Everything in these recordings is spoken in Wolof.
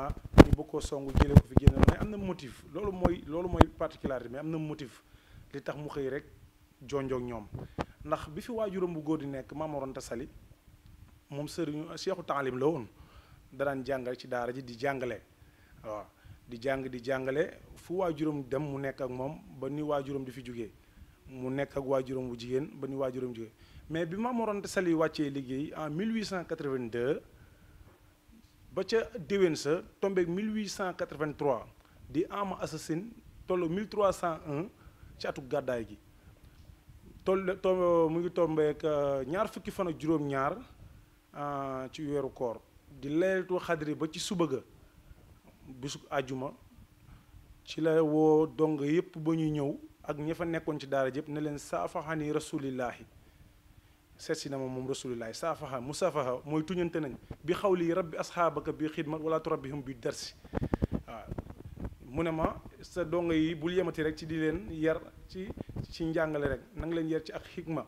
finalement ñu bëgg koo song jëlee ko fi génn mais am na motif loolu mooy loolu mooy particularité mais am na motif li tax mu xëy rek jonjoog ñoom ndax bi fi waajuram bu góor di nekk Maamoroon sali moom sëriñu seexu taalim la woon da daan jàngal ci daara ji di jàngale waaw di jàng di jàngale fu waajuram dem mu nekk ak moom ba ni waajuram di fi jógee mu nekk ak waajuram bu jigéen ba ni waajuram jógee mais bi Maamoroon Tasali wàccee liggéey en 1882. ba ca déwén sa tombeeg 1883 di am assasine tollu 1301 ci atuk gàddaay gi toll mu ngi tombeeg euh, ñaar fukki fan ak juróom-ñaar euh, ci weeru koor di leeltu xadri ba ci suba ga bisu àjjuma ci la woo dong yépp ba ñuy ñëw ak ña fa nekkoon ci daara jëpp ne leen saafaxani rasulillahi seet si na ma moom rasulillahi mu musafaha mooy tuñante nañ bi xawli rabbi asxaabaka bi xidmat wala turabbihum bi darsi waaw mu ne ma sa dongo yi bul yemati rek ci di leen yar ci ci njàngale rek na nga leen yar ci ak xikma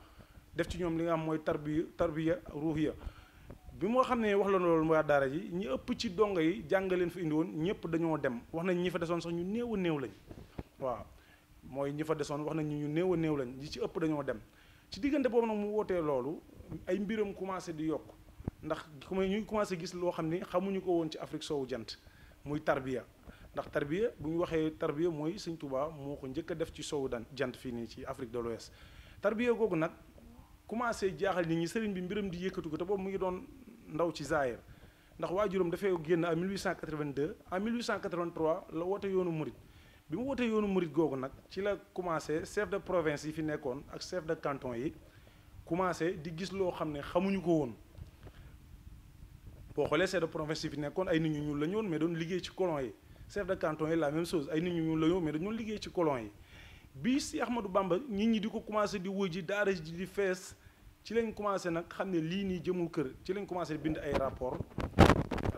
def ci ñoom li nga am mooy tarbiya tarbiya ruuhiya bi moo xam ne wax la loolu waa daara yi ñi ëpp ci dongo yi jàngaleen fa indi woon ñëpp dañoo dem wax nañ ñi fa desoon sax ñu néew a néew lañ waaw mooy ñi fa desoon wax nañ ñu néew a néew lañ ñi ci ëpp dañoo dem ci diggante boobu nag mu wootee loolu ay mbiram commencé di yokk ndax ku may ñu commencé gis loo xam ni xamuñu ko woon ci Afrique soowu jant muy tarbiya ndax tarbiya bu ñu waxee tarbiya mooy Sëñ Tuubaa moo ko njëkk def ci soowu dan jant fii nii ci Afrique de l'Ouest tarbiya googu nag commencé jaaxal nit ñi sëriñ bi mbiram di yëkkatu ko te boobu mu ngi doon ndaw ci zaayir ndax waajuram dafay génn à 1882 à 1883 la woote yoonu murit bi mu wootee yoonu murit googu nag ci la commencé chef de province yi fi nekkoon ak chef de canton yi commencé di gis loo xam ne xamuñu ko woon boo xoolee chef de province yi fi nekkoon ay nit ñu ñuul la ñu woon mais doon liggéey ci colon yi chef de canton yi la même chose ay nit ñu la ñu woon mais dañu liggéey ci colon yi bi si Ahmadou Bamba nit ñi di ko commencé di wëj ji daara ji di fees ci lañ commencé nag xam ne lii nii jëmul kër ci lañ commencé bind ay rapport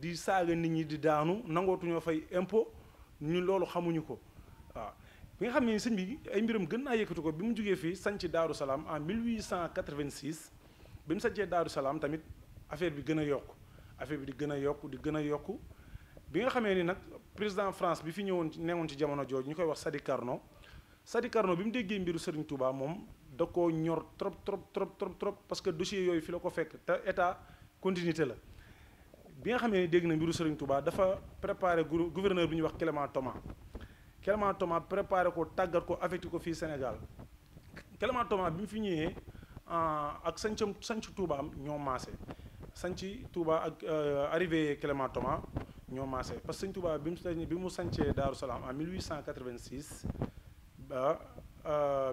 di saaga nit ñi di daanu nangootuñoo fay impôt ñu loolu xamuñu ko waaw bi nga xam ni sëñ bi ay mbiram gën naa yëkkatu ko bi mu jógee fii sanc Daaru Salaam en 1886 bi mu sancee Daaru Salaam tamit affaire bi gën a yokk affaire bi di gën a yokk di gën a yokk bi nga xamee ni nag président France bi fi ñëwoon newoon ci jamono jooju ñu koy wax Sadi Carnot Sadi Carnot bi mu déggee mbiru Serigne Touba moom da koo ñor trop trop trop trop trop parce que dossier yooyu fi la ko fekk te état continuité la bi nga xamee ne dégg na mbiru Serigne Touba dafa préparé gouverneur bi wax Clément Thomas Clément Thomas préparé ko tàggat ko affecté ko fii Sénégal Clément Thomas bi mu fi ñëwee ah, ak sancam sanc Touba am ñoo maase sanc Touba ak euh, arrivé Clément Thomas ñoo maase parce que Serigne Touba bi mu bi mu sancee Daaru Salaam en 1886 ba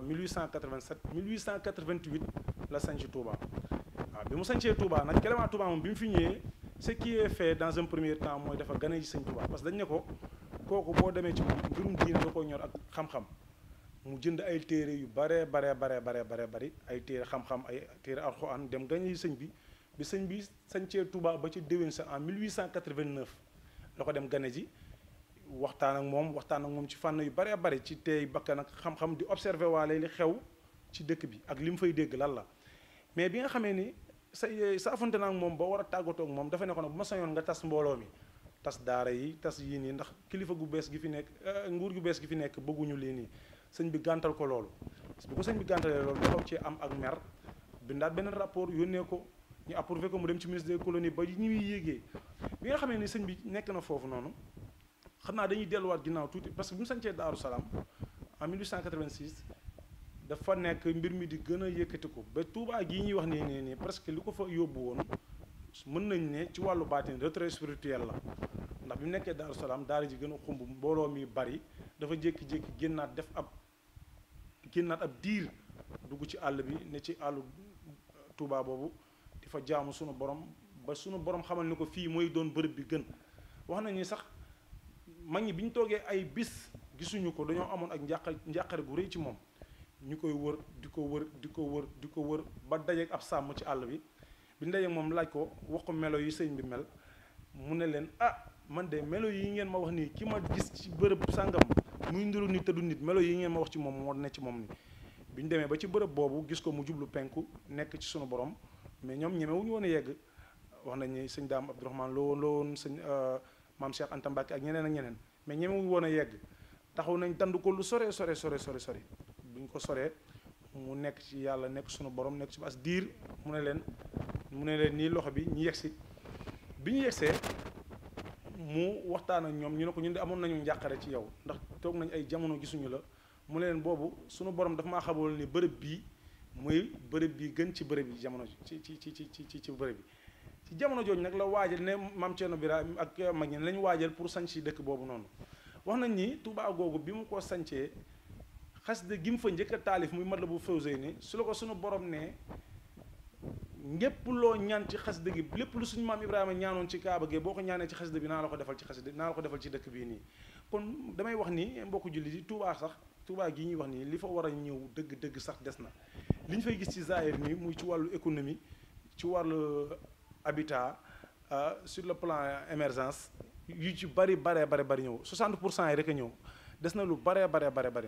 1887 euh, 1888 la sanc Touba waaw ah, bi mu sancee Touba nag Clément Touba moom bi fi ñëwee ce qui est fait dans un premier temps moy dafa a seigne parce que ko ci ñor ak xam-xam mu jënd ay yu ay xam-xam ay dem a bi bi seigne bi sañcee touba ba en 1889 la ko dem gane ji waxtaan ak mom waxtaan ak ci yu ci ak xam-xam di li xew ci dëkk bi ak mais bi nga sa eh, saafonte naa ak moom ba war a tàggatoo moom dafa ne ko nag bu ma sañoon nga tas mbooloo mi tas daara yi tas yii nii ndax kilifa gu bees gi fi nekk eh, nguur gu bees gi fi nekk bëgguñu lii nii sëñ bi gàntal ko loolu bu ko sëñ bi gàntalee loolu dafa ci am ak mer bindaat benn rapport yónnee ko ñu approuvé ko mu dem ci ministre des colonies ba ñuy yéegee bi nga xamee ni sëñ bi nekk na foofu noonu xam naa dañuy delluwaat ginnaaw tuuti parce que bu mu sañcee Daaru Salaam en 1886 dafa nekk mbir mi di gën a yëkkati ko ba Touba gii ñuy wax nii nii nii presque li ko fa yóbbu woon mën nañ ne ci wàllu baatin retrait spirituel la ndax bi mu nekkee Daaru Salaam daara ji gën a xumb mbooloo mi bari dafa jékki-jékki génnaat def ab génnaat ab diir dugg ci àll bi ne ci àllu Touba boobu di fa jaamu sunu borom ba sunu borom xamal ni ko fii mooy doon bërëb bi gën wax nañu sax mag ñi bi ñu toogee ay bis gisuñu ko dañoo amoon ak njàqare njàqare gu rëy ci moom. ñu koy wër diko diko wër diko wër diko wër ba dajeeg ab sam ci àll bi bi ndaje mom laaj ko waxu melo yi sëñ bi mel mu ne len ah man de melo yi ngeen ma wax ni ki ma gis ci bërepp sangam muy ndiru nit te du nit melo yi ngeen ma wax ci mom mo ne ci mom ni bi ñu ba ci bërepp bobu gis ko mu jublu penku nek ci suñu borom mais ñom ñëmé wuñu a yegg wax nañ ni sëñ daam Abdourahmane loo woon loo woon sëñ euh, mam Cheikh antambak ak ñeneen ak ñeneen mais ñëmé wuñu yegg taxaw nañ tandu ko lu sore sore sore sore sore buñ ko soré mu nekk ci yalla nekk suñu borom nekk ci bas dir mu ne len mu ne len ni loxo bi ñu yexsi biñu yexse mu waxtaan ak ñom ñu ne ko ñun de amon nañu njàqare ci yow ndax tok nañ ay jamono gisunu la mu ne leen boobu borom dafa ma xabol ni bërepp bi muy bërepp bi gën ci bërepp bi jamono ci ci ci ci ci ci bërepp bi ci jamono joj nak la waajal ne maam Thierno Birahim ak magni lañu pour sanc dëkk bobu non wax nañ ni Touba gogu bimu ko sancee xasida gi mu fa njëkk a muy mat la bu fawsey ni su la ko sunu borom ne ngépp lo ñaan ci xasida gi lepp lu suñu mam Ibrahima ñaanon ci kaaba ge boko ñaané ñaanee ci xasida bi na la ko defal ci xasida na la ko defal ci dekk bi ni kon damay wax ni mbokku jullit yi Tuubaa sax touba gi ñi wax ni li fa wara ñew deug deug sax des na li fay gis ci zaahir ni muy ci walu économie ci walu habitat euh, sur le plan émergence yu ci bari bari bari bari ñew 60 yi rek ñew ñëw na lu bari bari bari bari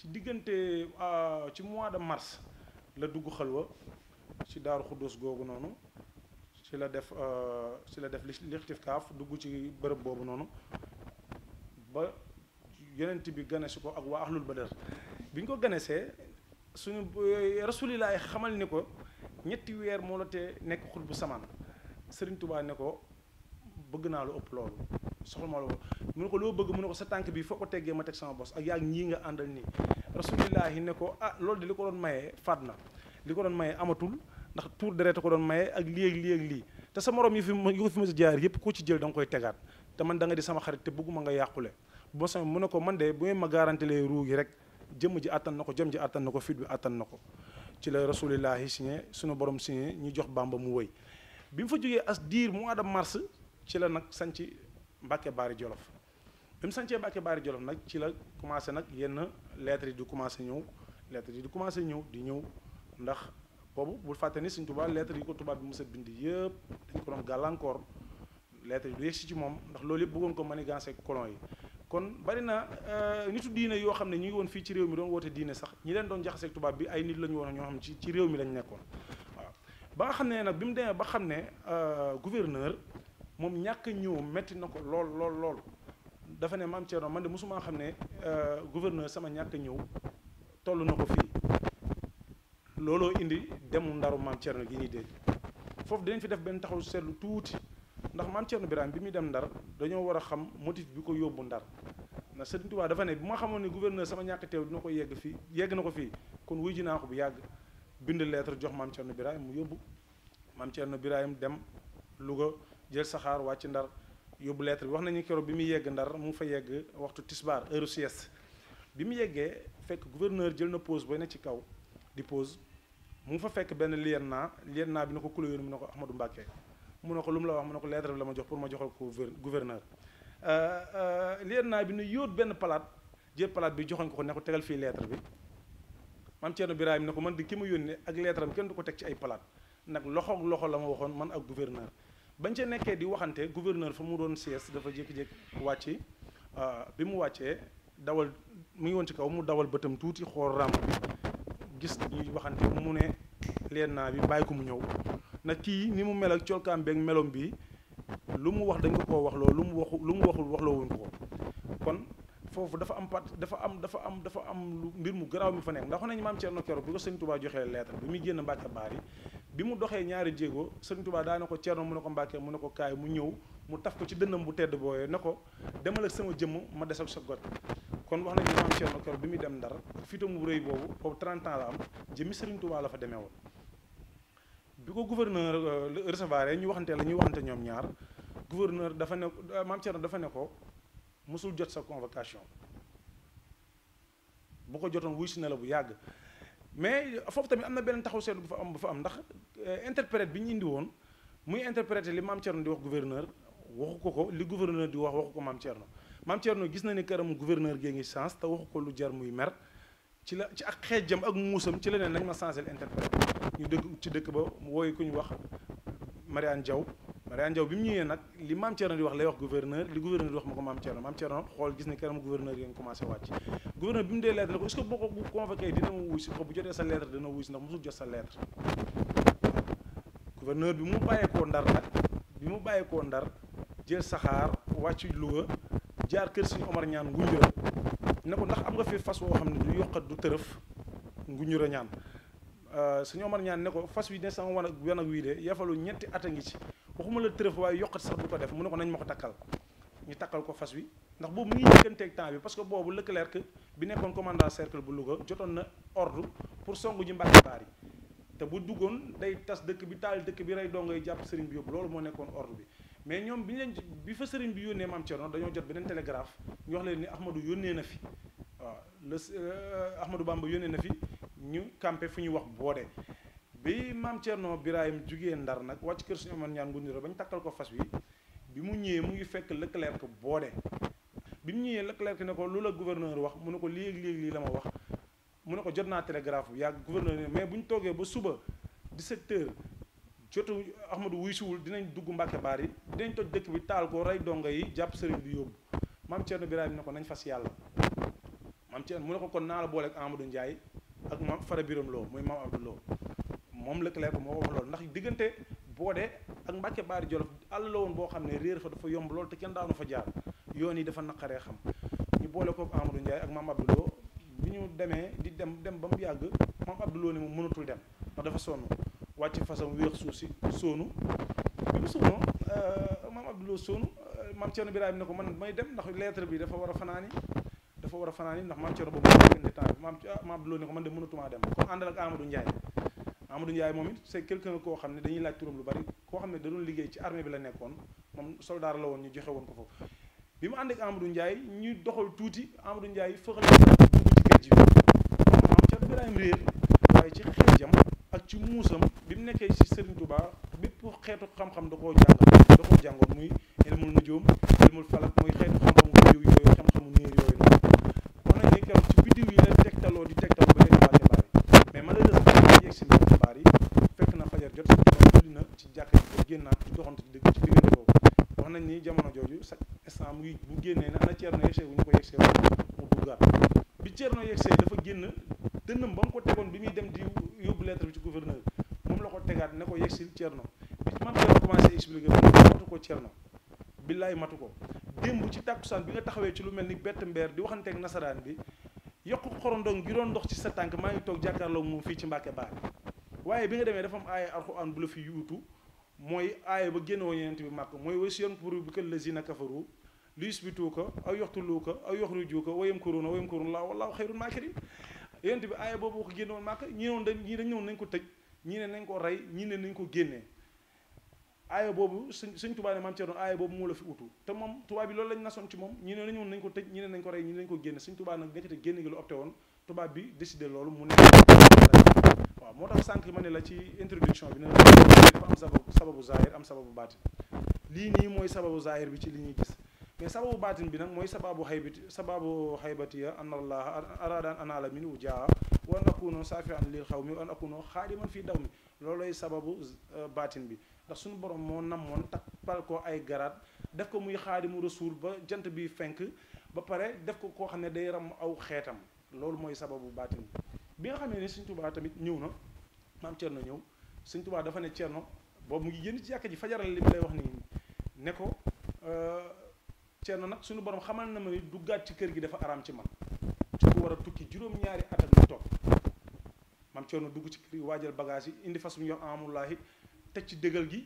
ci diggante euh, ci mois de mars la dugg xalwa ci daaru xuddus googu noonu ci la def euh, ci la def lixtif kaaf dugg ci bërëb boobu noonu ba yonent bi ganesi ko ak waa ahlul badar bi ñu ko ganesee suñu euh, rasulilaay xamal ni ko ñetti weer moo la te nekk xut bu samaan sëriñ tubaa ne ko bëgg naa lu ëpp loolu soxla ma la woo mu ne ko loo bëgg mu ne ko sa tànk bi foo ko teggee ma teg sama bos ak yaa ñii nga àndal nii rasulillahi ne ko ah loolu de li ko doon maye faat na li ko doon maye amatul ndax tuur deret ko doon mayee ak lii ak lii te sa moroom yi fi yi ko fi mos a jaar yëpp ku ci jël da koy tegaat te man da di sama xarit te bëgguma nga yàqule boo sama mu ne ko man de bu ma garanti lee ruu rek jëmm ji attan na ko jom ji attan na ko fit bi attan na ko ci la rasulillahi signé sunu borom signé ñu jox bàmba mu wëy bi mu fa jógee as diir mois de mars ci la nag sanc Mbacke Baari Jolof bi mu sancee Mbacke Baari Jolof nag ci la commencé nag yenn lettres yi di commencé ñëw lettres yi di commencé ñëw di ñëw ndax boobu bul fàtte ni Sëñ Tuubaa lettres yi ko tubaab bi mu a bind yëpp dañ ko doon gàllankoor lettres yi du yegsi ci moom ndax loolu yëpp bëggoon ko manigancé colon yi kon bari na euh, nitu diine yoo xam ne ñu ngi woon fii ci réew mi doon woote diine sax ñi leen doon jaxaseeg tubaab bi ay nit la ñu woon ñoo xam ci ci réew mi lañ nekkoon waaw ba nga nag bi mu demee ba xam ne euh, gouverneur moom ñàkk ñëw métti na ko lool lool lool dafa ne maam Thierno man de mosuma xam ne euh, gouverneur sama ñàkk ñëw tollu na ko fii looloo indi demu ndaru maam Thierno gi ñuy dégg foofu dinañ fi def benn taxaw seetlu tuuti ndax maam Thierno Birahim bi muy dem ndar dañoo war a xam motif bi ko yóbbu ndar na Sëriñ Tuubaa dafa ne bu ma xamoon ne gouverneur sama ñàkk teew dina ko yegg fii yegg na ko fii kon wuy ji ko bu yàgg bind lettre jox maam Thierno Birahim mu yóbbu maam Thierno dem Louga jël saxaar wàcc ndar yóbbu lettre bi wax nañu keroog bi muy yegg ndar mu ngi fa yegg waxtu tisbaar heure sieste bi mu yeggee fekk gouverneur jël na pose booy ne ci kaw di pose mu fa fekk benn lieutenant naa bi na ko kule yoon mu ne ko Ahmadou Mbacké mu ne ko lu la wax mu ne ko lettre bi la ma jox pour ma joxal ko gouverneur euh, euh, naa bi ne yoot benn palaat jël palaat bi joxoñ ko ne ko tegal fii lettre bi maam Thierno Birahim ne ko man di ki ma yónnee ak lettre am kenn du ko teg ci ay palaat nag loxo loxo la ma waxoon man ak gouverneur bañ ca nekkee di waxante gouverneur fa mu doon sieste dafa jékki-jékki wàcc euh, bi mu wàccee dawal mu ngi woon ci kaw mu dawal bëtam tuuti xool ramp bi gis ñuy waxante mu ne leen naa bi bàyyi ko mu ñëw na kii ni mu mel ak colkaam beeg melom bi lu mu wax dañ ko koo wax loo lu mu waxu lu mu waxul wax loo wuñ ko kon foofu dafa am part dafa am dafa am dafa am lu mbir mu garaaw mi fa nekk ndax xam nañu maam Thierno Kero bi ko sëñ Touba joxee lettre bi muy génn Mbàkke Baar yi bi mu doxee ñaari jéego sëñ Tuubaa daa na ko Ceerno mu ne ko Mbàkke mu ne ko kaay mu ñëw mu taf ko ci dënnam bu tedd booyee ne ko demal ak sama jëmm ma des ak sa got kon wax nañu maam Ceerno bi muy dem Ndar fitam bu rëy boobu boobu 30 ans la am jëmmi sëriñ Tuubaa la demee woon bi ko gouverneur euh, recevoir ñu waxante la ñuy waxante ñoom ñaar gouverneur dafa ne maam Ceerno dafa ne ko mosul jot sa convocation bu ko jotoon wuy si ne la bu yàgg mais foofu tamit am na beneen taxaw seetlu bu fa am bu fa am ndax euh, interprète bi ñu indi woon muy interpréter li maam Thierno di wax gouverneur waxu ko ko li gouverneur di wax waxu ko maam Thierno maam Thierno gis na ni këram gouverneur gée ngi chance te waxu ko lu jar muy mer ci la ci ak xeejam ak muusam ci la ne nañ ma changé interprète ñu dëkk ci dëkk ba wooyu ku ñu wax Mariane Diaw Mariane Diaw bi mu ñëwee nag li maam Thierno di wax lay wax gouverneur li gouverneur di wax ma ko maam Thierno maam Thierno xool gis ne këram gouverneur yéen commencé wàcc gouverneur bi mu dé lettre ko est-ce que boko bu convoqué dina ma wuy si ko bu jotté sa lettre dina wuy si ndax mosul jot sa lettre gouverneur bi mu bayé ko ndar nak bi mu bayé ko ndar jël saxaar waccu luwa jaar kër suñu Omar ñaan nguñura ne ko ndax am nga fi fas wo xamni du yokkat du tërëf nguñura ñaan euh suñu Omar ñaan ne ko fas wi ne sama wan ak wan ak wii de yafalu ñetti at ngi ci waxuma la tërëf way yokkat sax du ko def mu ne ko nañ mako takal ñu takal ko fas wi ndax boobu mi ngi ak temps bi parce que boobu Leclerc bi nekkoon commandant cercle bu Louga jotoon na ordre pour songu ji Mbàkke Baar yi te bu duggoon day tas dëkk bi taal dëkk bi rey dongoy jàpp sëriñ bi yóbbu loolu moo nekkoon ordre bi mais ñoom bi ñu bi fa sëriñ bi yónnee maam Thierno dañoo jot beneen télégraphe ñu wax ni Ahmadou yónnee na fi waaw le euh, Ahmadou Bamba yónnee na fi ñu campé fu ñuy wax boode bi maam Thierno Birahim jugee ndar nag wàcc kër suñu amoon ñaan ngundiro ba ñu takkal ko fas wi bi mu ñëwee mu ngi fekk Leclerc boode bi mu ñëwee Leclerc ne ko lu la gouverneur wax mu ne ko lii ak lii ak la ma wax mu ne ko jot naa bu yàgg gouverneur mais bu ñu toogee ba suba 17h jotu Ahmadou wuy siwul dinañ dugg Mbàkke Baar yi dinañ toj dëkk bi taal ko rey dongo yi jàpp sëriñ bi yóbbu maam Thierno Birahim ne ko nañ fas yàlla maam Thierno mu ne ko kon naa la boole ak Amadou Ndiaye ak maam Fara Biram Lo muy maam Abdou Lo moom Leclerc moo ko wax loolu ndax diggante boodee ak Mbàkke Baari Jolof àll la woon boo xam ne réer fa dafa yomb lool te kenn daanu fa jaar yoon yi dafa naqaree xam ñu boole ko Amadou njaay ak maam Abdoulou bi ñu demee di dem dem ba mu yàgg maam Abdoulou ne mu mënatul dem ndax dafa sonn wàcc fasam wéex suuf si soonu bi mu soonoo euh, maam Abdoulou soonu euh, maam Thierno Birahim ne ko man may bi dafa war a fanaani dafa a fanaani ndax maam Thierno boobu fekkente temps bi maam ah, maam Abdoulou ne ko man de mënatumaa dem kon àndal ak Amadou Ndiaye Amadou Ndiaye moom it c'est quelqu'un koo xam ne dañuy laaj turam lu bari koo xam ne da liggéey ci armée bi la nekkoon moom soldat la woon ñu joxe woon ko foofu bi mu ànd ak Amadou Ndiaye ñu doxal tuuti Amadou Ndiaye fëxal ci géej gi maanaam ca Birahim réer ci muusam bi mu nekkee ci Serigne Touba bépp xeetu xam-xam da koo jàngal da koo jàngoon muy ilmul nujuum ilmul falak muy xeetu xam-xamu bidiw yooyu xam-xamu niir yooyu mais malheureusement ñu yegg si fekk na fajar jot si julli na ci jàkk ji génnaat ci doxante ci dëgg ci diggante boobu wax nañ ni jamono jooju sax temps mu ngi bu génnee ne na Thierno yegsee wu ñu ko yegsee mu duggaat bi Thierno yegsee dafa génn dënnam ba mu ko tegoon bi muy dem di yóbbu lettre bi ci gouverneur moom la ko tegaat ne ko yegsil Thierno bi man Thierno commencé expliquer matu ko Thierno billaay matu ko démb ci tàkkusaan bi nga taxawee ci lu mel ni bett mbeer di waxanteeg nasaraan bi yokku xorondong gi doon ndox ci sa tànk maa ngi toog jàkkaarloo moom fii ci Mbàkke Baari waaye bi nga demee dafa am aaya alxuraan bu la fi yuutu mooy aaya ba génn woon yenent bi màkk mooy way si yoon pour bi kal lazina kafaru lu yusbituuka aw yoxtuluuka aw yoxrijuuka wa yamkuruuna wa yamkurullaahu wallaahu xayrul maakiriin yonent bi aaya boobu ko génnoon màkk ñi noonu dañ ñii dañ noonu nañ ko tëj ñii ne nañ ko rey ñii ne nañ ko génnee boobu sëñ sëñ Tuubaa ne maam Cerno boobu moo la fi utu te moom tubaab bi loolu lañ nasoon ci moom ñi ne nañ woon nañ ko tëj ñi ne nañ ko rey ñi ne nañ ko génne sëñ Tuubaa nag nekkati génne gi lu opté woon tubaab bi décidé loolu mu ne waaw moo tax sànq ma ne la ci introduction bi na dafa am sababu sababu zahir am sababu baatin lii nii mooy sababu zahir bi ci li ñuy gis mais sababu batin bi nak moy sababu haybati sababu haybati ya an allah arada an anala min wujaa wa an akuno saafian lil khawmi wa an akuno xaadiman fii daw sababu batin bi ndax suñu borom namon tak pal ko ay garat def ko muy khadimu rasul ba jant bi fenk ba pare def ko ko xamne day ram aw xetam loolu moy sababu batin bi nga xamne ne Sëñ tamit ñëw na maam Cerno ñëw seigne touba dafa ne Cerno boobu mu ngi yeen ci yakki fajaral li lay wax ni ne ko cerna nak suñu borom xamal na ma ni duggaat ci kër gi dafa aram ci man ci ku war a tukki juróom-ñaari at ak lu topp maam Ceerno dugg ci kër gi waajal bagage yi indi fas mu yor amulaahi teg ci dëgal gi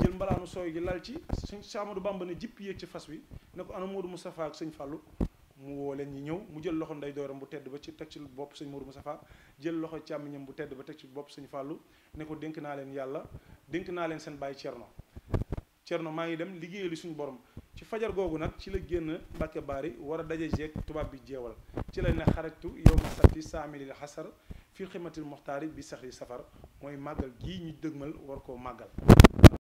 jël mbalaanu sooy gi lal ci suñ chamadu Bamba ne jipp yéeg ci fas wi ne ko ana Modou Moustapha ak sëñ fallu mu woo leen ñi ñëw mu jël loxo nday dooram bu tedd ba ci teg ci bopp sëñ Modou Moustapha jël loxo càmmiñam bu tedd ba teg ci bopp sëñ fallu ne ko dénk naa leen yàlla dénk naa leen seen bàyyi Cerno Cerno maa ngi dem liggéeyali suñu borom ci fajar googu nag ci la génn Mbàkke Baari war a daje jeeg tubaab bi jéewal ci la ne xarajtu yow ma sabti saamilil xasar fii ximatil moxtaari bi saxri safar mooy màggal gii ñu dëgmal war koo màggal